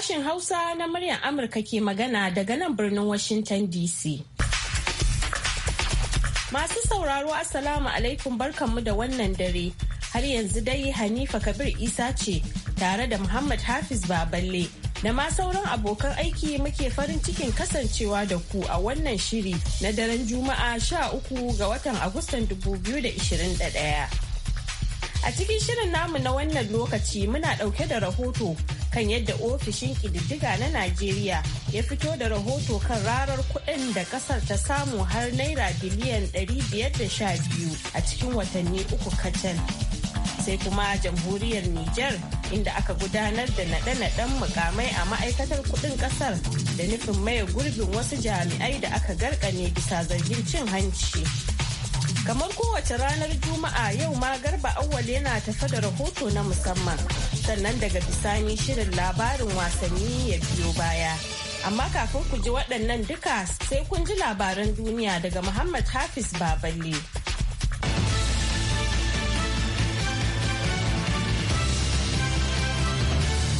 Sashen Hausa na muryar Amurka ke magana daga nan birnin Washington DC. Masu sauraro Assalamu alaikum barkanmu da wannan dare. Har yanzu dai Hanifa Kabir Isa ce tare da Muhammad Hafiz Baballe da ma sauran abokan aiki muke farin cikin kasancewa da ku a wannan shiri na daren Juma'a 13 ga watan Agustan 2021. A cikin shirin namu na wannan lokaci muna ɗauke da rahoto kan yadda ofishin ƙididdiga na Najeriya ya fito da rahoto kan rarar kuɗin da ƙasar ta samu har naira biliyan 512 a cikin watanni uku kacal. Sai kuma jamhuriyar Nijar inda aka gudanar da naɗe-naɗen mukamai a ma'aikatar kuɗin ƙasar da nufin maye gurbin wasu jami'ai da aka garkane bisa zargin cin hanci. Kamar kowace ranar Juma'a yau ma garba awwal yana tafa da rahoto na musamman. Sannan daga bisani shirin labarin wasanni ya biyo baya. Amma kafin ku ji waɗannan duka sai kun ji labaran duniya daga Muhammad Hafiz Baballe.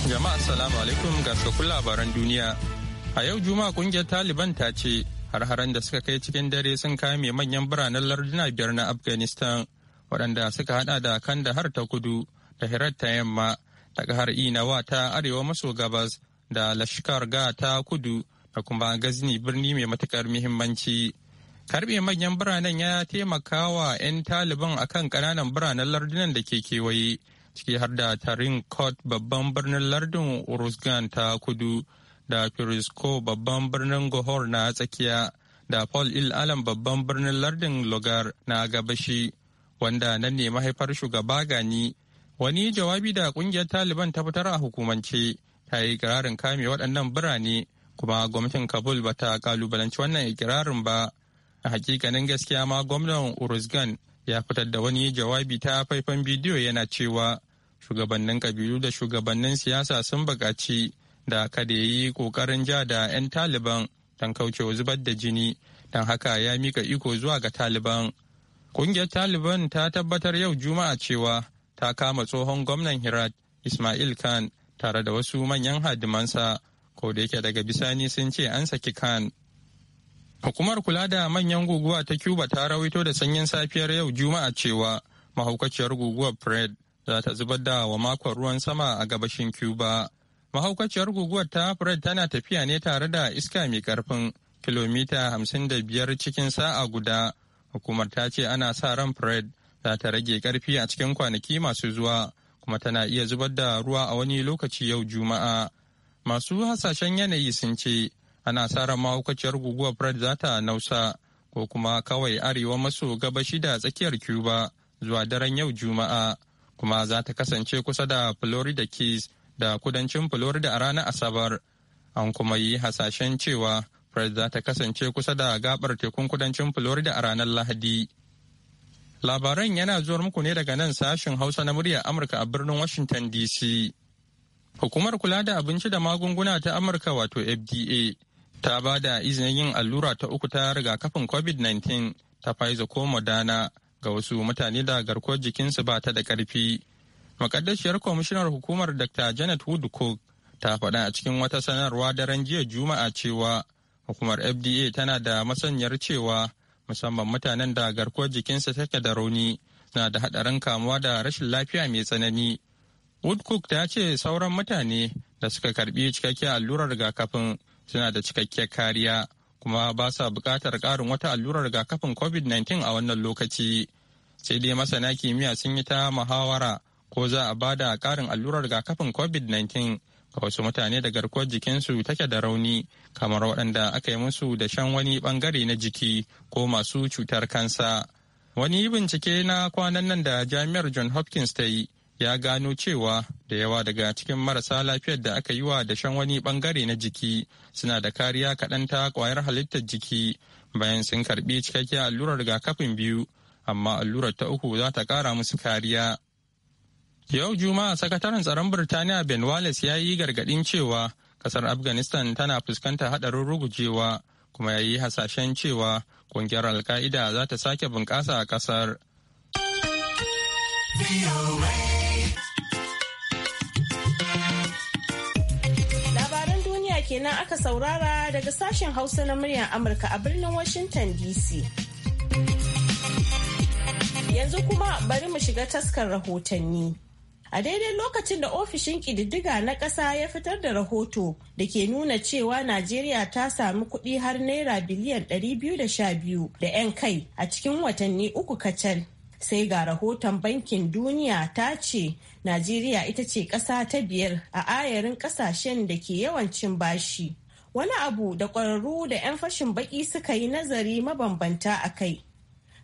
Jama'a salamu alaikum ga labaran duniya. A yau Juma'a kungiyar Taliban ta ce har-haren da suka kai cikin dare sun kame manyan biranen larduna biyar na afghanistan waɗanda suka hada da kan kandahar ta kudu da herat ta yamma da kahar inawa ta arewa maso gabas da lashkar ga ta kudu da kuma gazni birni mai matukar muhimmanci karbe manyan biranen ya taimaka wa 'yan taliban akan kananan biranen lardunan da ke kewaye ciki har da tarin kot babban birnin lardun uruzgan ta kudu da Firisko babban birnin Gohor na tsakiya da Paul Il Alam babban birnin lardin Logar na gabashi wanda nan ne mahaifar shugaba gani wani jawabi da kungiyar Taliban ta fitar a hukumance ta yi ikirarin kame waɗannan birane kuma gwamnatin Kabul ba ta kalubalanci wannan ikirarin ba a hakikanin gaskiya ma gwamnan Uruzgan ya fitar da wani jawabi ta faifan bidiyo yana cewa shugabannin kabilu da shugabannin siyasa sun buƙaci da kada ya yi kokarin ja da 'yan taliban don kaucewa zubar da jini don haka ya mika iko zuwa ga taliban ƙungiyar taliban ta tabbatar yau juma'a cewa ta kama tsohon gwamnan hirat ismail khan tare da wasu manyan hadimansa ko da yake daga bisani sun ce an saki khan hukumar kula da manyan guguwa ta cuba ta rawaito da sanyin safiyar yau juma'a cewa mahaukaciyar guguwar fred za ta zubar da wa makon ruwan sama a gabashin cuba mahaukaciyar guguwar ta Fred tana tafiya ne tare da iska mai karfin kilomita hamsin da biyar cikin sa'a guda. Hukumar ta ce ana sa ran Fred za ta rage karfi a cikin kwanaki masu zuwa kuma tana iya zubar da ruwa a wani lokaci yau Juma'a. Masu hasashen yanayi sun ce ana sa ran mahaukaciyar guguwar Fred za ta nausa ko kuma kawai arewa maso gabashi da tsakiyar Cuba zuwa daren yau Juma'a kuma za ta kasance kusa da Florida Keys da kudancin Florida a ranar Asabar, an kuma yi hasashen cewa Fred za ta kasance kusa da gabar tekun kudancin Florida a ranar Lahadi. Labaran yana zuwar muku ne daga nan sashen Hausa na muryar Amurka a birnin Washington DC. Hukumar kula da abinci da magunguna ta Amurka wato FDA ta ba da izinin yin allura ta uku ta rigakafin COVID-19 ta Pfizer ko Moderna ga wasu mutane da garkuwar jikinsu ba ta da ƙarfi. Makaddashiyar kwamishinar hukumar Dr. Janet Woodcock ta faɗa a cikin wata sanarwa daren jiya Juma'a cewa hukumar FDA tana da masanyar cewa musamman mutanen da garkuwar jikinsa take da rauni na da haɗarin kamuwa da rashin lafiya mai tsanani. Woodcock ta ce sauran mutane da suka karbi cikakkiyar allurar rigakafin suna da cikakkiyar kariya kuma ba sa buƙatar ƙarin wata allurar rigakafin COVID-19 a wannan lokaci. Sai dai masana kimiyya sun yi ta muhawara ko za a bada ƙarin allurar rigakafin covid-19 ga wasu mutane da garkuwar jikinsu take da rauni kamar waɗanda aka yi musu da shan wani ɓangare na jiki ko masu cutar kansa. Wani bincike na kwanan nan da jami'ar John Hopkins ta yi ya gano cewa da yawa daga cikin marasa lafiyar da aka yi wa da shan wani ɓangare na jiki suna da kariya kaɗan ta ƙwayar halittar jiki bayan sun karɓi cikakkiyar allurar rigakafin biyu amma allurar ta uku za ta ƙara musu kariya. Yau Juma'a sakataren tsaron Birtaniya Ben Wallace ya yi gargaɗin cewa ƙasar Afghanistan tana fuskantar haɗarin rugujewa kuma ya yi hasashen cewa ƙungiyar Alka'ida za ta sake bunƙasa a ƙasar. Labaran duniya kenan aka saurara daga sashen Hausa na muryar Amurka a birnin Washington DC. Yanzu kuma bari mu shiga taskar rahotanni. a daidai lokacin da ofishin ƙididdiga na ƙasa ya fitar da rahoto da ke nuna cewa najeriya ta samu kuɗi har naira biliyan 212 da 'yan kai a cikin watanni uku kacal sai ga rahoton bankin duniya ta ce najeriya ita ce ƙasa ta biyar a ayarin ƙasashen da ke yawancin bashi wani abu da ƙwararru da 'yan fashin baƙi suka yi nazari mabambanta a kai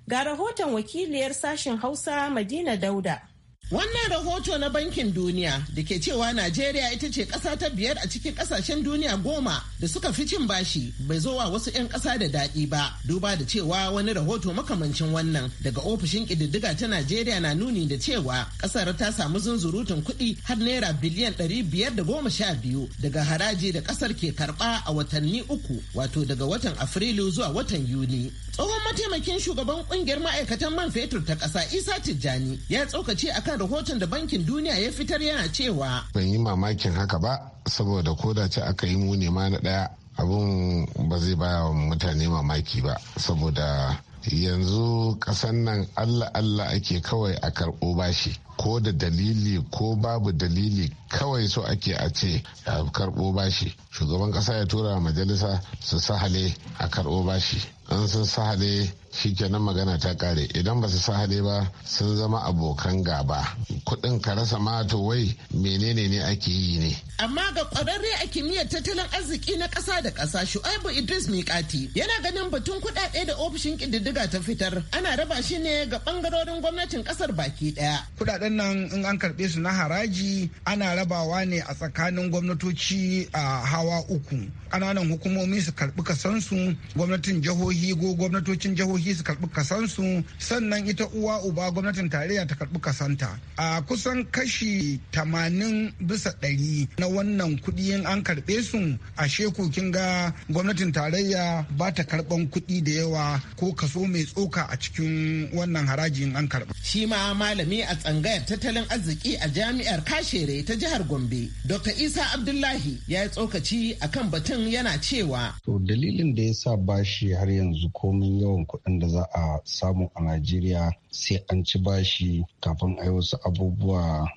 ga rahoton wakiliyar sashen hausa madina dauda Wannan rahoto na Bankin Duniya da ke cewa Najeriya ita ce ƙasa ta biyar a cikin ƙasashen duniya goma da suka fi cin bashi bai zo wa wasu 'yan ƙasa da daɗi ba duba da cewa wani rahoto makamancin wannan daga ofishin ƙididdiga ta Najeriya na nuni da cewa ƙasar ta samu zunzurutun kuɗi har naira biliyan ɗari biyar da goma sha biyu daga haraji da ƙasar ke karɓa a watanni uku wato daga watan Afrilu zuwa watan Yuni. Tsohon mataimakin shugaban ƙungiyar ma'aikatan man fetur ta ƙasa Isa Tijjani ya tsokace akan wannan rahoton da bankin duniya ya fitar yana cewa ban yi mamakin haka ba saboda ko da ce aka yi mu nema na daya abun ba zai baya wa mutane mamaki ba saboda yanzu kasan nan allah allah ake kawai a karɓo bashi ko da dalili ko babu dalili kawai so ake a ce a karɓo bashi shugaban ƙasa ya tura majalisa su sahale a karɓo bashi an sun sahale shi kenan magana ta kare idan ba su sa hade ba sun zama abokan gaba kuɗin ka rasa ma to wai menene ne ake yi ne amma ga kwararre a kimiyyar tattalin arziki na kasa da kasa shu'aibu idris mikati yana ganin batun kuɗaɗe da ofishin ƙididdiga ta fitar ana raba shi ne ga bangarorin gwamnatin kasar baki daya. kudaden nan in an karbe su na haraji ana rabawa ne a tsakanin gwamnatoci a hawa uku ƙananan hukumomi su karbi kasansu gwamnatin jihohi ko gwamnatocin jihohi jihohi su karɓi kasansu sannan ita uwa uba gwamnatin tarayya ta karɓi kasanta a kusan kashi tamanin bisa ɗari na wannan kuɗi an karɓe su a sheku kin ga gwamnatin tarayya ba ta karɓan kuɗi da yawa ko kaso mai tsoka a cikin wannan haraji in an karɓa. shi ma malami a tsangayar tattalin arziki a jami'ar kashere ta jihar gombe dr isa abdullahi ya yi tsokaci akan batun yana cewa. to dalilin da ya sa bashi har yanzu komin yawan kuɗin da za a samu a najeriya sai an ci bashi kafin a yi wasu abubuwa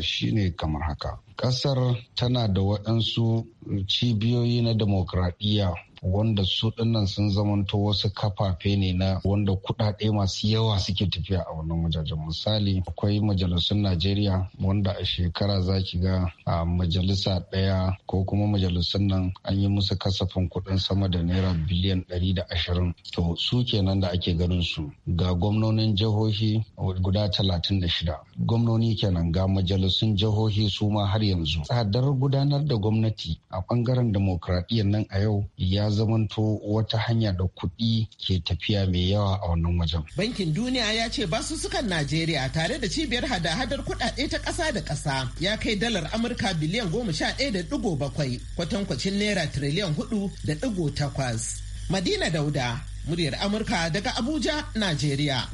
shi ne kamar haka Ƙasar tana da waɗansu cibiyoyi na demokradiyya wanda su dinnan sun zamanto wasu kafafe ne na wanda kuɗaɗe masu yawa suke tafiya a wannan majalisar misali akwai majalisun najeriya wanda a shekara za ki ga a majalisa ɗaya ko kuma majalisun nan an yi musu kasafin kuɗin sama da naira biliyan ɗari da ashirin to su kenan da ake ganin su ga gwamnonin jihohi guda talatin da shida gwamnoni kenan ga majalisun jihohi su ma har yanzu tsadar gudanar da gwamnati a bangaren demokradiyyar nan a yau ya A zamanto wata hanya da kuɗi ke tafiya mai yawa a wannan wajen. Bankin Duniya ya ce sukan Najeriya tare da cibiyar hada-hadar kuɗaɗe ta ƙasa da ƙasa ya kai dalar Amurka biliyan goma sha ɗaya da ɗigo bakwai kwatankwacin naira tiriliyan hudu da ɗigo takwas. Madina Dauda, muryar Amurka daga Abuja, Najeriya.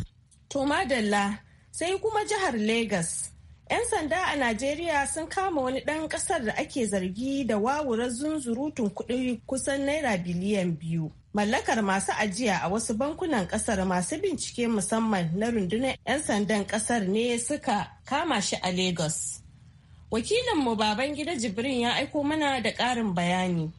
To madalla sai kuma jihar Legas 'Yan sanda a Najeriya sun kama wani ɗan ƙasar da ake zargi da wawurar zunzurutun kuɗi kusan naira biliyan biyu. Mallakar masu ajiya a wasu bankunan ƙasar masu bincike musamman na rundunar 'yan sandan ƙasar ne suka kama shi a Lagos. Wakilinmu gida Jibrin ya aiko mana da ƙarin bayani.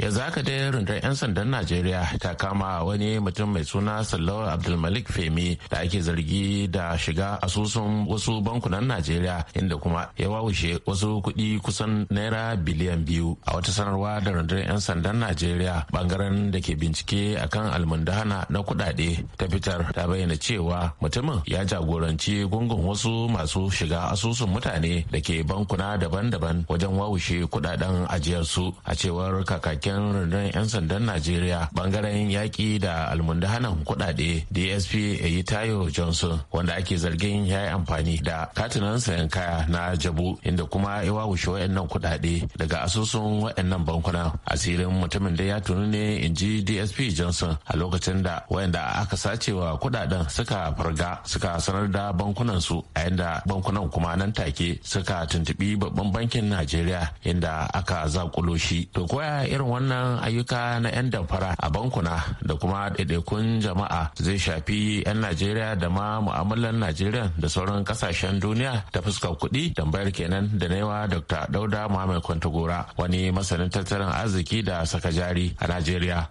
ya haka dai rundunar 'yan sandan najeriya ta kama wani mutum mai suna sallawar abdulmalik femi da ake zargi da shiga asusun wasu bankunan najeriya inda kuma ya wawushe wasu kuɗi kusan naira biliyan biyu a wata sanarwa da rundunar 'yan sandan najeriya bangaren da ke bincike akan almundahana na kuɗaɗe ta fitar ta bayyana cewa mutumin ya jagoranci gungun wasu masu shiga asusun mutane da ke bankuna daban-daban wajen wawushe kuɗaɗen ajiyarsu a cewar kakakin kakakin rundunar 'yan sandan najeriya bangaren yaƙi da almundahanan kuɗaɗe dsp eyi tayo johnson wanda ake zargin ya yi amfani da katinan sayan kaya na jabu inda kuma ya wawushe waɗannan kuɗaɗe daga asusun waɗannan bankuna asirin mutumin da ya tunu ne in ji dsp johnson a lokacin da wayanda aka sacewa kuɗaɗen suka farga suka sanar da bankunan su a yadda bankunan kuma nan take suka tuntubi babban bankin najeriya inda aka zakulo shi to koya irin wannan ayyuka na 'yan damfara a bankuna da kuma ɗaiɗaikun jama'a zai shafi 'yan najeriya da ma mu'amalar najeriya da sauran kasashen duniya ta fuskar kuɗi tambayar kenan da naiwa dr dauda muhammad kwantagora wani masanin tattalin arziki da saka jari a najeriya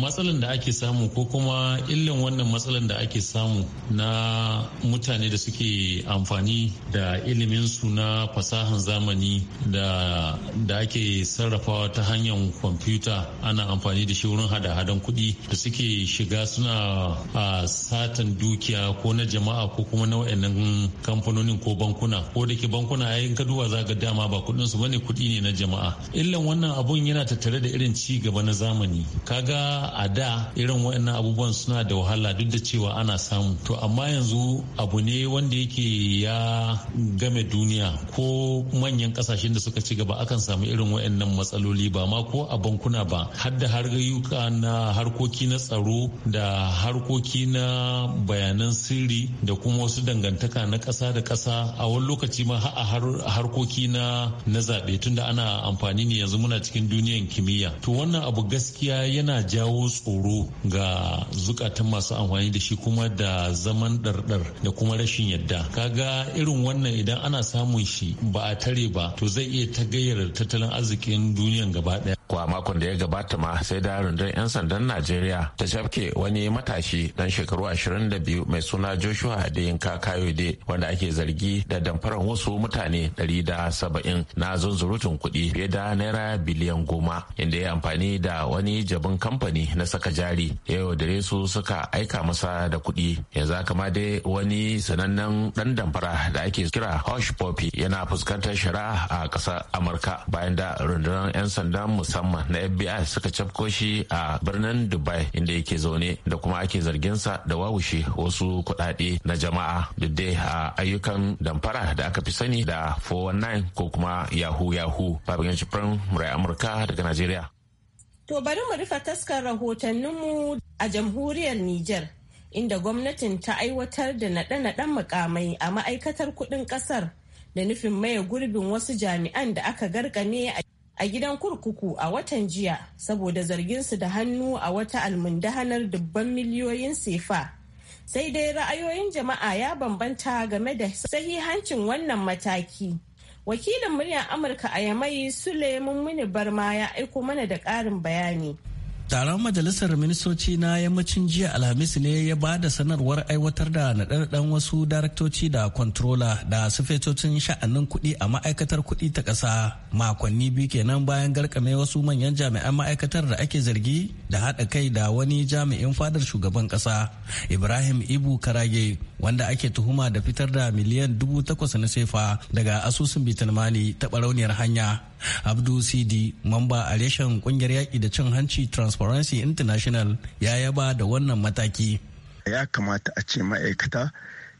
matsalan da ake samu ko kuma illan wannan matsalan da ake samu na mutane da suke amfani da ilimin su na fasahan zamani da ake sarrafawa ta hanyar kwamfuta ana amfani da shi wurin hada-hadan kuɗi da suke shiga suna a satan dukiya ko na jama'a ko kuma na wayannan kamfanonin ko bankuna ko da ke bankuna yayin ka duba za ga dama ba kuɗin su bane kuɗi ne na jama'a illan wannan abun yana tattare da irin ci gaba na zamani kaga a da irin wa'annan abubuwan suna da wahala duk da cewa ana samu to amma yanzu abu ne wanda yake ya game duniya ko manyan kasashen da suka ci gaba akan samu irin wa'annan matsaloli ba ma ko ko a bankuna ba har da hargayuka na harkoki na tsaro da harkoki na bayanan sirri da kuma wasu dangantaka na ƙasa da ƙasa a wani lokaci ma a harkoki na na zaɓe tunda ana amfani ne yanzu muna cikin duniyan kimiyya to wannan abu gaskiya yana jawo tsoro ga zukatan masu amfani da shi kuma da zaman ɗarɗar da kuma rashin yadda kaga irin wannan idan ana samun shi ba a tare ba to zai iya tagayyar tattalin arzikin duniyan gaba ɗaya kuwa makon da ya gabata ma sai da rundunar 'yan sandan najeriya ta shafke wani matashi dan shekaru 22 mai suna joshua da adeyinka kayode wanda ake zargi da damfaran wasu mutane 170 na zunzurutun kuɗi fiye da naira biliyan goma inda ya amfani da wani jabin kamfani na saka jari ya yaudare su suka aika masa da kuɗi yanzu haka ma dai wani sanannen dan damfara da ake kira hush poppy yana fuskantar shari'a a ƙasar amurka bayan da rundunar 'yan sandan musamman musamman na FBI suka cafko shi a birnin Dubai inda yake zaune da kuma ake zarginsa da wawushe wasu kudade na jama'a duk dai a ayyukan damfara da aka fi sani da 419 ko kuma Yahoo Yahoo. Babin Shifrin Murai Amurka daga Najeriya. To bari mu rufe taskar rahotanninmu a jamhuriyar Nijar. Inda gwamnatin ta aiwatar da naɗe-naɗen mukamai a ma'aikatar kuɗin ƙasar da nufin maye gurbin wasu jami'an da aka garkame a a gidan kurkuku a watan jiya saboda zarginsu da hannu a wata almundahanar dubban miliyoyin sefa sai dai ra'ayoyin jama'a ya bambanta game da sahihancin wannan mataki wakilin muryar amurka a yamai suleiman muni barma ya aiko mana da ƙarin bayani Taron majalisar ministoci na yammacin jiya Alhamis ne ya ba da sanarwar aiwatar da naɗaɗɗen wasu daraktoci da kontrola da sufetocin sha'anin kuɗi a ma'aikatar kuɗi ta ƙasa makonni biyu kenan bayan garkame wasu manyan jami'an ma'aikatar da ake zargi da haɗa kai da wani jami'in fadar shugaban ƙasa Ibrahim Ibu Karage wanda ake tuhuma da fitar da miliyan dubu takwas na sefa daga asusun mali ta barauniyar hanya. abdu sidi mamba a reshen kungiyar yaƙi da cin hanci transparency international ya yaba da wannan mataki ya kamata a ce ma'aikata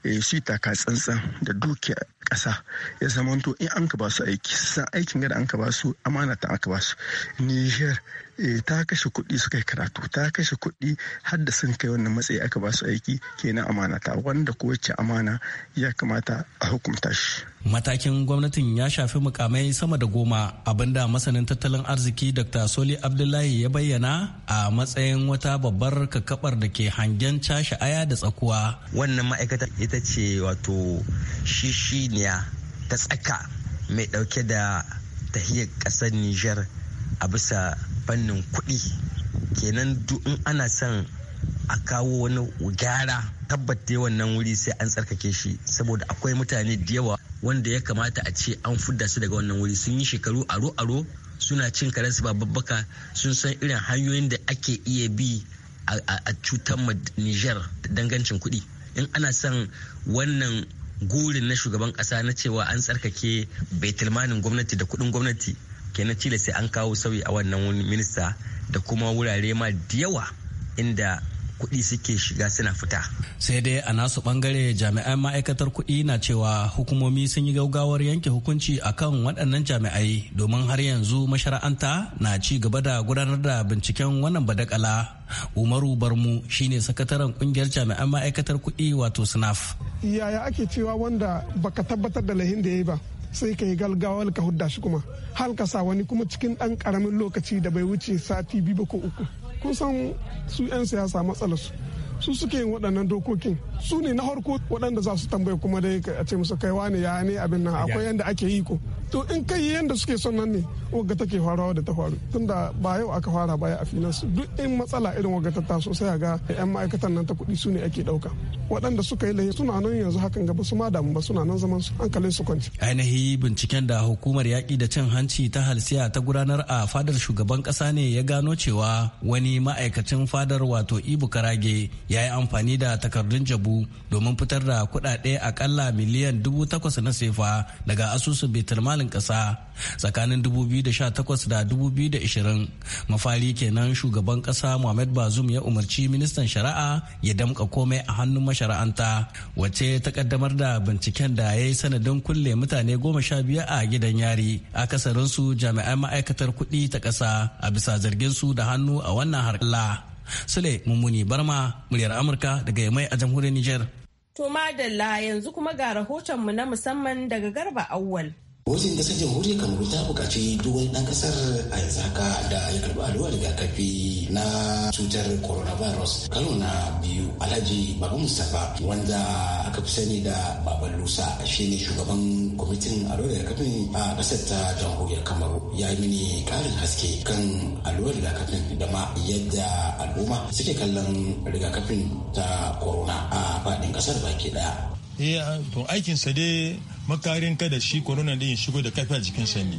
ya eh, yi shi taka tsantsan da dukiya ƙasa ya zamanto in an ka ba su aiki san aikin gada an ka ba su amana ta aka ba su niger Eh, ta kashe kuɗi suka yi karatu ta kashe kuɗi har da sun kai wannan matsayi aka ba su aiki kenan amana ta wanda ko wacce amana ya kamata a hukunta shi matakin gwamnatin ya shafi mukamai sama da goma abinda masanin tattalin arziki dr soli abdullahi ya bayyana a matsayin wata babbar kakabar da ke hangen cashe aya da tsakuwa wannan ma'aikata ita ce wato shishiniya ta tsaka mai dauke da tahiyar kasar Nijar a bisa fannin kuɗi kenan duk in ana son a kawo wani gyara tabbata wannan wuri sai an tsarkake shi saboda akwai mutane da yawa wanda ya kamata a ce an fudda su daga wannan wuri sun yi shekaru aro aro suna cin karensu ba babbaka sun san irin hanyoyin da ake iya bi a cutar Niger dangancin kuɗi in ana son wannan gurin na shugaban ƙasa na cewa an tsarkake baitulmanin gwamnati da kuɗin gwamnati na cile sai an kawo sauyi a wannan minista da kuma wurare ma da yawa inda kuɗi suke shiga suna fita. sai dai a nasu bangare jami'an ma'aikatar kuɗi na cewa hukumomi sun yi gaugawar yanke hukunci akan waɗannan jami'ai domin har yanzu mashara'anta na ci gaba da gudanar da binciken wannan badakala umaru barmu shine sakataren kungiyar jami'an ma'aikatar kuɗi wato snaf yaya ake cewa wanda baka tabbatar da lahin da ya yi ba sai ka yi galgawal ka hudda shi kuma har ka sa wani kuma cikin ɗan karamin lokaci da bai wuce sati biyu ba ko uku kun san su 'yan siyasa matsalar su su suke yin waɗannan dokokin su ne na harko waɗanda za su tambaye kuma dai a ce musu kaiwa ne ya ne abin nan akwai yanda ake yi ko to in kai yadda suke son nan ne wagga take farawa da ta faru tunda ba yau aka fara baya a su. duk in matsala irin wagga ta taso sai ga yan ma'aikatan nan ta kuɗi su ne ake ɗauka waɗanda suka yi lahi suna nan yanzu hakan gaba su ma damu ba suna nan zaman su hankalin su kwanci ainihi binciken da hukumar yaƙi da cin hanci ta halsiya ta gudanar a fadar shugaban ƙasa ne ya gano cewa wani ma'aikacin fadar wato ibu karage ya yi amfani da takardun jabu domin fitar da kuɗaɗe akalla miliyan dubu takwas na sefa daga asusun betulman malin ƙasa tsakanin 2018 da 2020 mafari kenan shugaban ƙasa Muhammad Bazoum ya umarci ministan shari'a ya damƙa komai a hannun mashara'anta wacce ta kaddamar da binciken da ya yi sanadin kulle mutane goma sha biyar a gidan yari akasarinsu jami'an ma'aikatar kuɗi ta ƙasa a bisa zargin su da hannu a wannan harkala. Sule Mummuni Barma, muryar Amurka daga Yamai a jamhuriyar Niger. To madalla yanzu kuma ga rahotonmu na musamman daga Garba Auwal. wajen kasar jamhuriyar kamaru ta buƙaci duk ɗan ƙasar a yanzu haka da ya karbi allurar rigakafi na cutar coronavirus kano na biyu alhaji Babu mustapha wanda aka fi sani da baban lusa shi ne shugaban kwamitin allurar rigakafin a ƙasar ta jamhuriyar kamaru ya yi mini karin haske kan allurar rigakafin da ma yadda al'umma suke kallon rigakafin ta corona a faɗin ƙasar baki ɗaya. Eh, to aikinsa dai makarin kada shi corona din ya shigo da kafi a jikin sa ne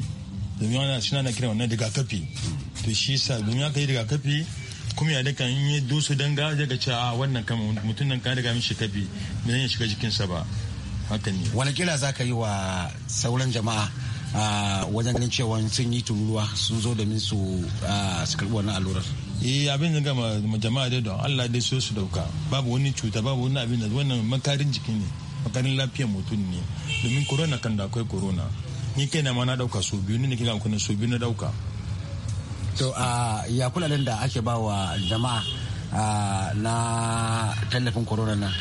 domin wannan suna na kiran wannan rigakafi to shi sa domin aka yi rigakafi kuma ya daga in yi dosu danga daga cewa ah, wannan kama mutum nan ka daga mishi kafi ba zan shiga jikinsa ba haka ne wani kira za ka yi wa sauran jama'a ah, wajen ganin cewa sun yi tururuwa sun zo domin su ah, su karɓi wannan allurar eh abin da gama jama'a dai don Allah dai so su dauka babu wani cuta babu wani abin da wannan makarin jiki ne ganin lafiyar mutum ne domin corona kan da akwai corona ni kaina ma na dauka so biyu ne kila kuna so biyu na dauka to a ya da ake ba wa jama'a na tallafin corona nan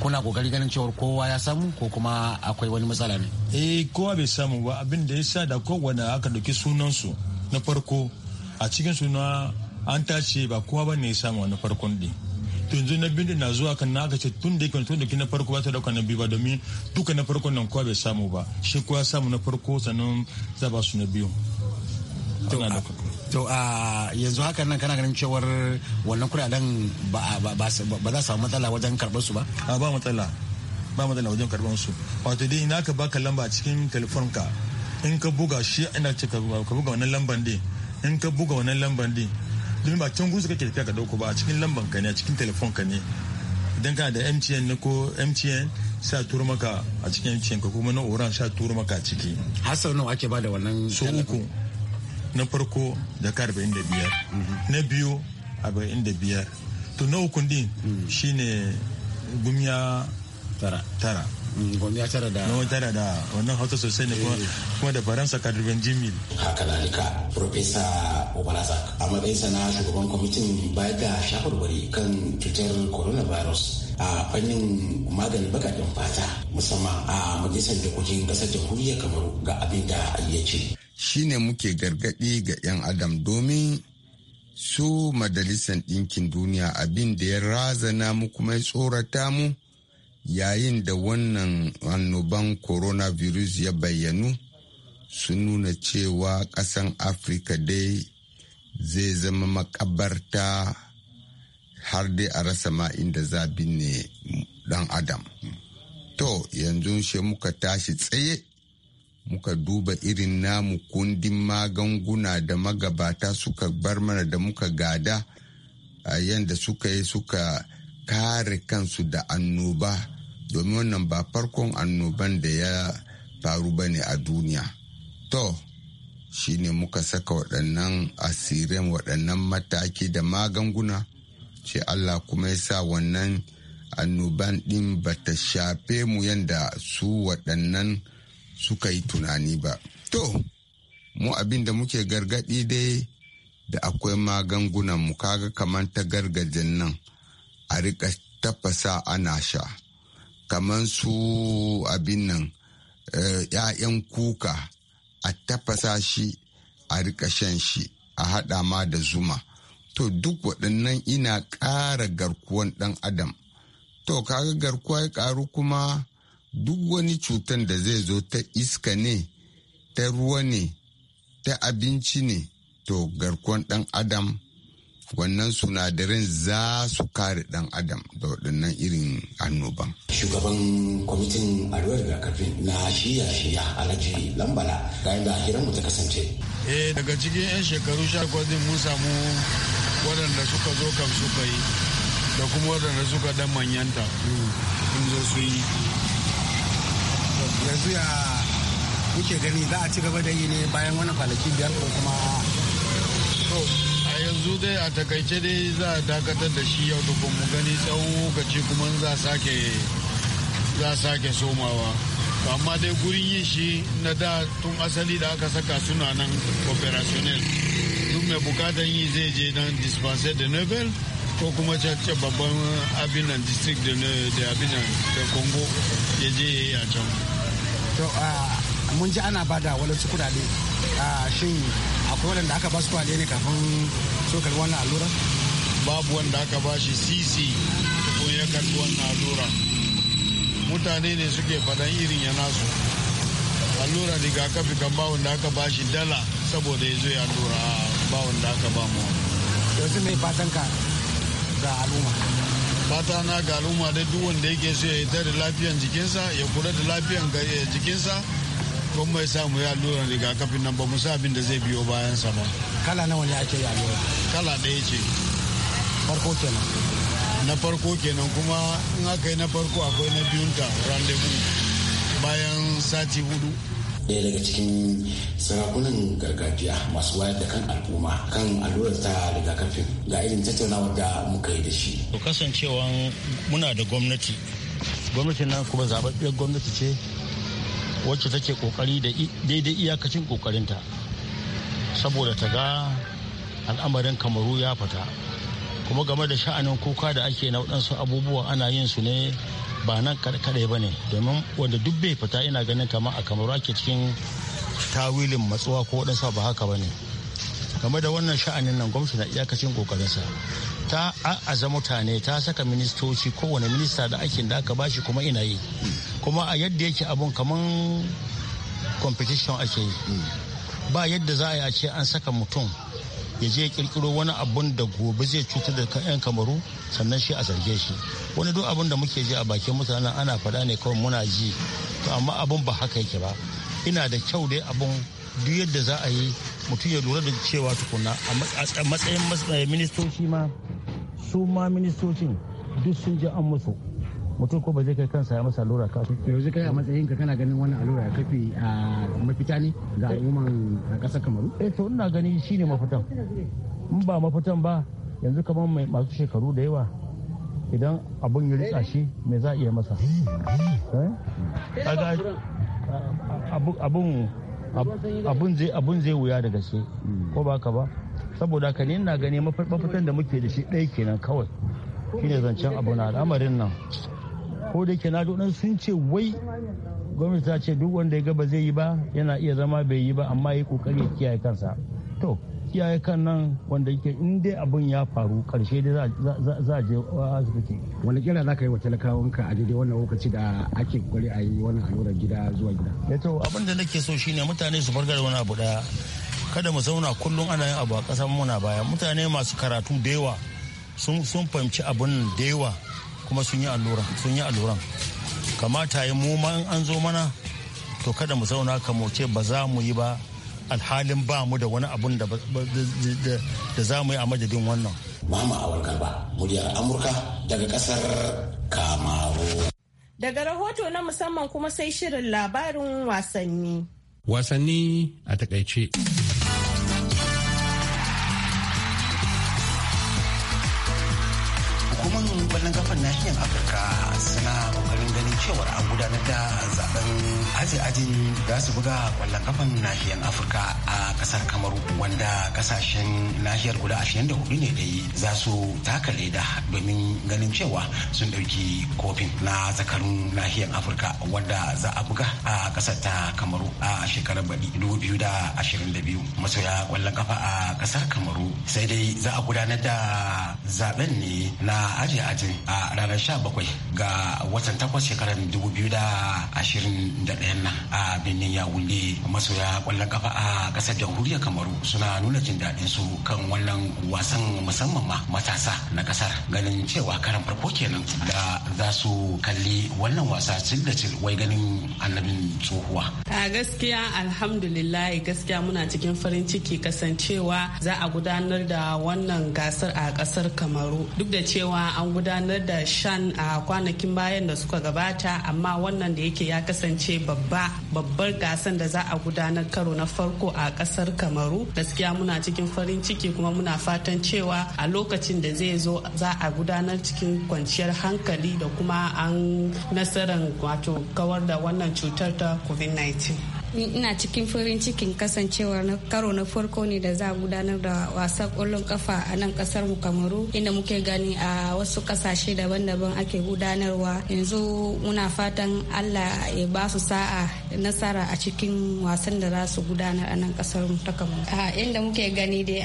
kuna kokari ganin cewar kowa ya samu ko kuma akwai wani matsala ne eh kowa bai samu ba abin da ya sa da kowane aka dauki sunansu na farko a cikin suna an tace ba kowa ba ne ya samu wani farkon din yanzu na biyu na zuwa kan na aka ce tun da yake tun da na farko ba ta dauka na biyu ba domin duka na farko nan kowa bai samu ba shi kowa samu na farko sannan za ba su na biyu to a yanzu haka nan kana ganin cewar wannan kudaden ba za samu matsala wajen karɓar su ba a ba matsala ba matsala wajen karɓar su wato dai na ka baka lamba a cikin telefon ka in ka buga shi ina ce ka buga wannan lamban din in ka buga wannan lamban din domin ba can gusu kake tafiya ka dauko ba a cikin lamban ka ne a cikin telefon ka ne idan kana da mtn na ko mtn sa turu maka a cikin mtn ka kuma na oran sa turu maka a ciki hasar nawa ake ba da wannan so uku na farko da ka arba'in da biyar mhm. na biyu arba'in da biyar to na uku din mhm. shine gumiya tara ya tara da nawa tara da wannan hausa sosai ne kuma eh. da faransa kadurban jimil haka dalika profesa obalazak a matsayinsa na shugaban kwamitin bayar da shawarwari kan cutar coronavirus a fannin maganin bakaɗin fata musamman a majalisar dokokin ƙasar jamhuriyar kamaru ga abin da ya ce shine muke gargaɗi ga 'yan adam domin su majalisar ɗinkin duniya abin da ya razana mu kuma ya tsorata mu yayin da wannan annoban coronavirus ya bayyanu sun nuna cewa ƙasan afirka dai zai zama makabarta har dai a rasa ma inda za binne dan adam to yanzu shi muka tashi tsaye muka duba irin namu kundin magunguna da magabata suka bar mana da muka gada a yanda suka yi suka kare kansu da annoba domin wannan ba farkon annoban da ya faru ba ne a duniya to shine muka saka waɗannan asirin waɗannan mataki da maganguna ce allah kuma ya sa wannan annoban ɗin ba ta shafe mu yadda su waɗannan suka yi tunani ba to mu abin da muke gargaɗi dai da akwai magungunan mu kaga kamar ta gargajin nan a riƙa tafasa ana sha kamar su abin nan eh, ‘ya'yan kuka a tafasa shi a rika shan shi a haɗa ma da zuma to duk waɗannan ina ƙara garkuwan ɗan adam to kaga garkuwa ya ƙaru kuma duk wani cutan da zai zo ta iska ne ta ruwa ne ta abinci ne to garkuwan ɗan adam wannan sunadarin za su kare dan adam da waɗannan irin annoban. Shugaban kwamitin da rigakafi na shiya shiya alhaji lambala ga yadda mu ta kasance. Eh daga cikin 'yan shekaru sha din mun samu waɗanda suka zo kan suka yi da kuma waɗanda suka dan manyanta sun zo su yi. Yanzu ya kuke gani za a ci gaba da yi ne bayan wani kwanaki biyar ko kuma yanzu dai a takaice dai za a dakatar da shi yau tukun mu gani tsawon lokaci kuma za sake sake somawa amma dai gurin yin shi na da tun asali da aka saka suna nan operational duk mai bukatar yi zai je nan dispenser de nobel ko kuma cacce babban abinan district da abinan da congo ya je ya yi a can mun ji ana bada walansu kudade shin akwai wadanda aka ba su kudade ne kafin sokar karbi wannan allura babu wanda aka ba shi sisi ko ya karbi wannan allura mutane ne suke faɗan irin ya nasu allura rigakafi kan ba wanda aka ba shi dala saboda ya zo ya allura ba wanda aka ba mu yanzu mai fatan ka ga al'umma fata na ga al'umma dai duk wanda yake so ya yi da lafiyan jikinsa ya kula da lafiyan eh, jikinsa don bai sa mu yi alluran rigakafin nan ba mu sa abin da zai biyo bayan sa ba kala nawa ne ake yi allura kala ɗaya ce farko kenan na farko kenan kuma in aka yi na farko akwai na ta rendezvous bayan sati hudu ɗaya daga cikin sarakunan gargajiya masu wayar da kan al'umma kan allurar ta rigakafin ga irin tattaunawar da muka yi da shi. kasancewa muna da gwamnati. Gwamnatin nan kuma zaɓaɓɓiyar gwamnati ce wacce take kokari da daidai iyakacin kokarinta saboda ta ga al'amarin kamaru ya fita kuma game da sha'anin kuka da ake na waɗansu abubuwa ana yin su ne ba nan kaɗai ba ne domin wanda duk bai fita ina ganin kama a kamaru ake cikin tawilin matsuwa ko waɗansu ba haka ba ne game da wannan sha'anin nan gwamnati na iyakacin kokarinsa ta a'aza mutane ta saka ministoci kowane minista da aikin da aka bashi kuma ina yi kuma a yadda yake abun kamar competition ake yi hmm. ba yadda za a yi a ce an saka mutum ya je kirkiro wani abun da gobe zai cutar da yan kamaru sannan shi a zarge shi wani duk abun da muke ji a bakin mutanen ana faɗa ne kawai muna ji to amma abun ba haka yake ba ina da kyau dai abun duk yadda za a yi mutum ya lura da cewa tukuna a matsayin eh, ministoci ma su ma ministocin duk sun ji an musu mutum ko ba zai kai kansa ya masa allura kafin yanzu kai a matsayinka kana ganin wannan allura kafi a mafita ne ga al'umman kasar kamaru eh to ina gani shine mafitan in ba mafitan ba yanzu kamar mai masu shekaru da yawa idan abun ya rika shi me za a iya masa eh? abun abun zai wuya da gaske ko ba ka ba saboda ka ne na gani mafitan da muke da shi ɗaya kenan kawai shine zancen abu na al'amarin nan ko da ke ɗan sun ce wai gwamnati ta ce duk wanda ya ga ba zai yi ba yana iya zama bai yi ba amma ya kokari ya kiyaye kansa to kiyaye kan nan wanda yake in dai abin ya faru karshe dai za a je asibiti wani kira za ka yi wa talakawanka a daidai wannan lokaci da ake kwari a yi wannan allurar gida zuwa gida ya eh to abin da nake so shine mutane su da wani abu daya kada mu zauna kullum ana yin abu a kasan muna baya mutane masu karatu da yawa sun fahimci abun da yawa kuma sun yi alluran sun yi alluran kamata yi mu ma an zo mana to kada mu zauna ka mu ce ba za mu yi ba alhalin ba mu da wani abun da za mu yi a madadin wannan mama awar garba muryar amurka daga kasar kamaru daga rahoto na musamman kuma sai shirin labarin wasanni wasanni a takaice afirka salam cewar an gudanar da zaben aji ajin da su buga kwallon kafan nahiyar afirka a kasar kamaru wanda kasashen nahiyar guda 24 ne dai za su taka leda domin ganin cewa sun dauki kofin na zakarun nahiyar afirka wanda za a buga a kasar ta kamaru a shekarar baɗi 2022 masoya kwallon kafa a kasar kamaru sai dai za a gudanar da zaben ne na aji ajin a ranar 17 ga watan takwas shekarar dubu biyu da ashirin da ɗayan nan a birnin wuli masoya ƙwallon kafa a ƙasar jamhuriyar kamaru suna nuna jin daɗin su kan wannan wasan musamman ma matasa na ƙasar ganin cewa karan farko kenan da za su kalli wannan wasa cil da cil wai ganin annabin tsohuwa. a gaskiya alhamdulillah gaskiya muna cikin farin ciki kasancewa za a gudanar da wannan gasar a ƙasar kamaru duk da cewa an gudanar da shan a kwanakin bayan da suka gabata amma wannan da yake ya kasance babba babbar gasan da za a gudanar karo na farko a kasar kamaru gaskiya muna cikin farin ciki kuma muna fatan cewa a lokacin da zai zo za a gudanar cikin kwanciyar hankali da kuma an nasarar wato kawar da wannan cutar ta covid-19 ina cikin farin cikin kasancewar na karo na farko ne da za a gudanar da wasan ƙwallon kafa a nan kasar mu kamaru inda muke gani a wasu kasashe daban-daban ake gudanarwa yanzu muna fatan allah ya ba su sa'a nasara a cikin wasan da za su gudanar a nan kasar mu ta kamaru inda muke gani dai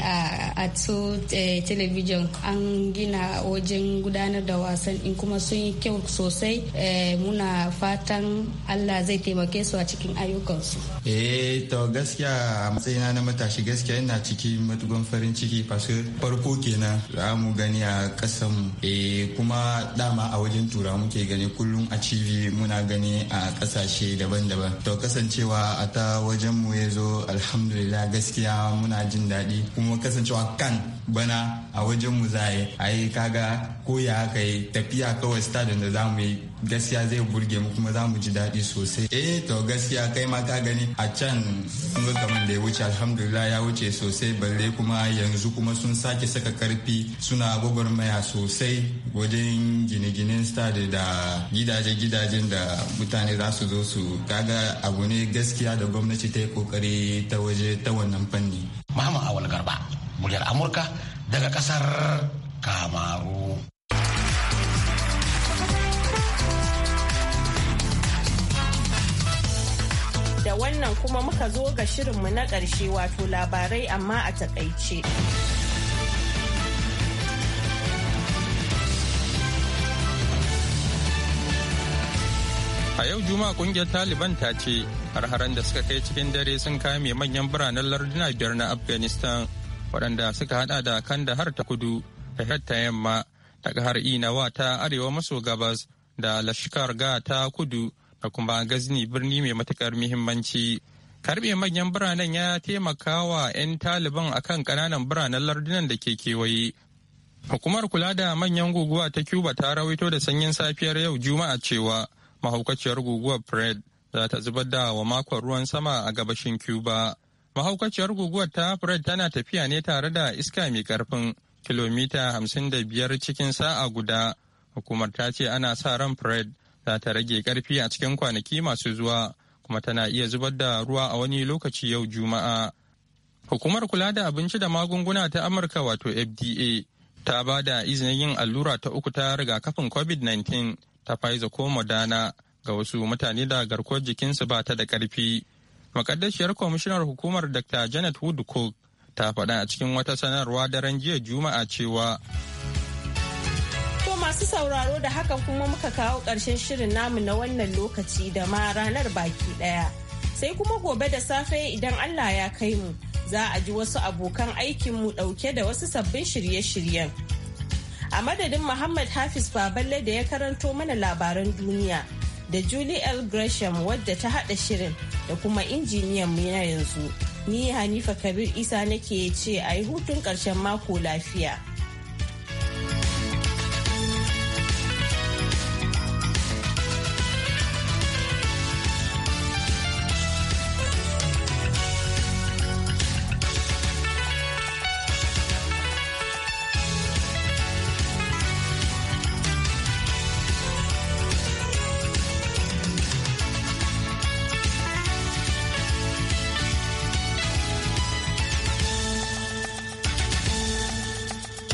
a to eh, telebijin an gina wajen gudanar da wasan in kuma sun yi kyau sosai eh, muna fatan allah zai taimake su a cikin ayyukansu eh to gaskiya a matsayina na matashi gaskiya ina ciki matukan farin ciki fasu farko kenan za mu gani a kasan mu eh kuma dama a wajen tura muke gani kullum a cibi muna gani a kasashe daban-daban to kasancewa a ta wajen mu ya zo alhamdulillah gaskiya muna jin daɗi kuma kasancewa kan bana a wajen mu za a yi kaga ko ya haka yi tafiya kawai stadion da za mu yi gaskiya zai burge mu kuma za mu ji daɗi sosai eh to gaskiya kai ma ka gani a can sun ga da ya wuce alhamdulillah ya wuce sosai balle kuma yanzu kuma sun sake saka karfi suna gwagwarmaya sosai wajen gine-ginen stadion da gidaje-gidajen da mutane za su zo su kaga abu ne gaskiya da gwamnati ta yi kokari ta waje ta wannan fanni. Mahama Awal Garba muryar amurka daga kasar kamaru da wannan kuma muka zo ga shirinmu na ƙarshe wato labarai amma a takaice. A yau Juma'a kungiyar Taliban ta ce har da suka kai cikin dare sun kame manyan biranen larduna biyar na Afghanistan waɗanda suka hada da har ta kudu da ta yamma da kahar inawa ta arewa maso gabas da lashkar ga ta kudu da kuma gazni birni mai matukar muhimmanci karbe manyan biranen ya taimaka wa 'yan taliban akan kananan biranen lardunan da ke kewaye hukumar kula da manyan guguwa ta cuba ta rawaito da sanyin safiyar yau juma'a cewa mahaukaciyar guguwar fred za ta zubar da wa makon ruwan sama a gabashin cuba mahaukaciyar guguwar ta fred tana tafiya ne tare da iska mai karfin kilomita hamsin da biyar cikin sa'a guda hukumar ta ce ana sa ran fred za ta rage karfi a cikin kwanaki masu zuwa kuma tana iya zubar da ruwa a wani lokaci yau juma'a hukumar kula da abinci da magunguna ta amurka wato fda ta ba da izinin yin allura ta uku ta rigakafin covid-19 ta Pfizer ko Moderna ga wasu mutane da garkuwar jikinsu ba ta da karfi Makaddashiyar kwamishinar hukumar Dr. Janet Woodcock ta faɗa a cikin wata sanarwa daren jiya Juma'a cewa masu sauraro da haka kuma muka kawo ƙarshen shirin namu na wannan lokaci da ma ranar baki ɗaya. Sai kuma gobe da safe idan Allah ya kai mu za a ji wasu abokan aikinmu ɗauke da wasu sabbin shirye-shiryen. A madadin Muhammad Hafiz Baballe da ya karanto mana labaran duniya. da Julie L. Gresham wadda ta haɗa shirin da kuma injiniyan mu yanzu. Ni Hanifa Kabir Isa nake ce a yi hutun ƙarshen mako lafiya.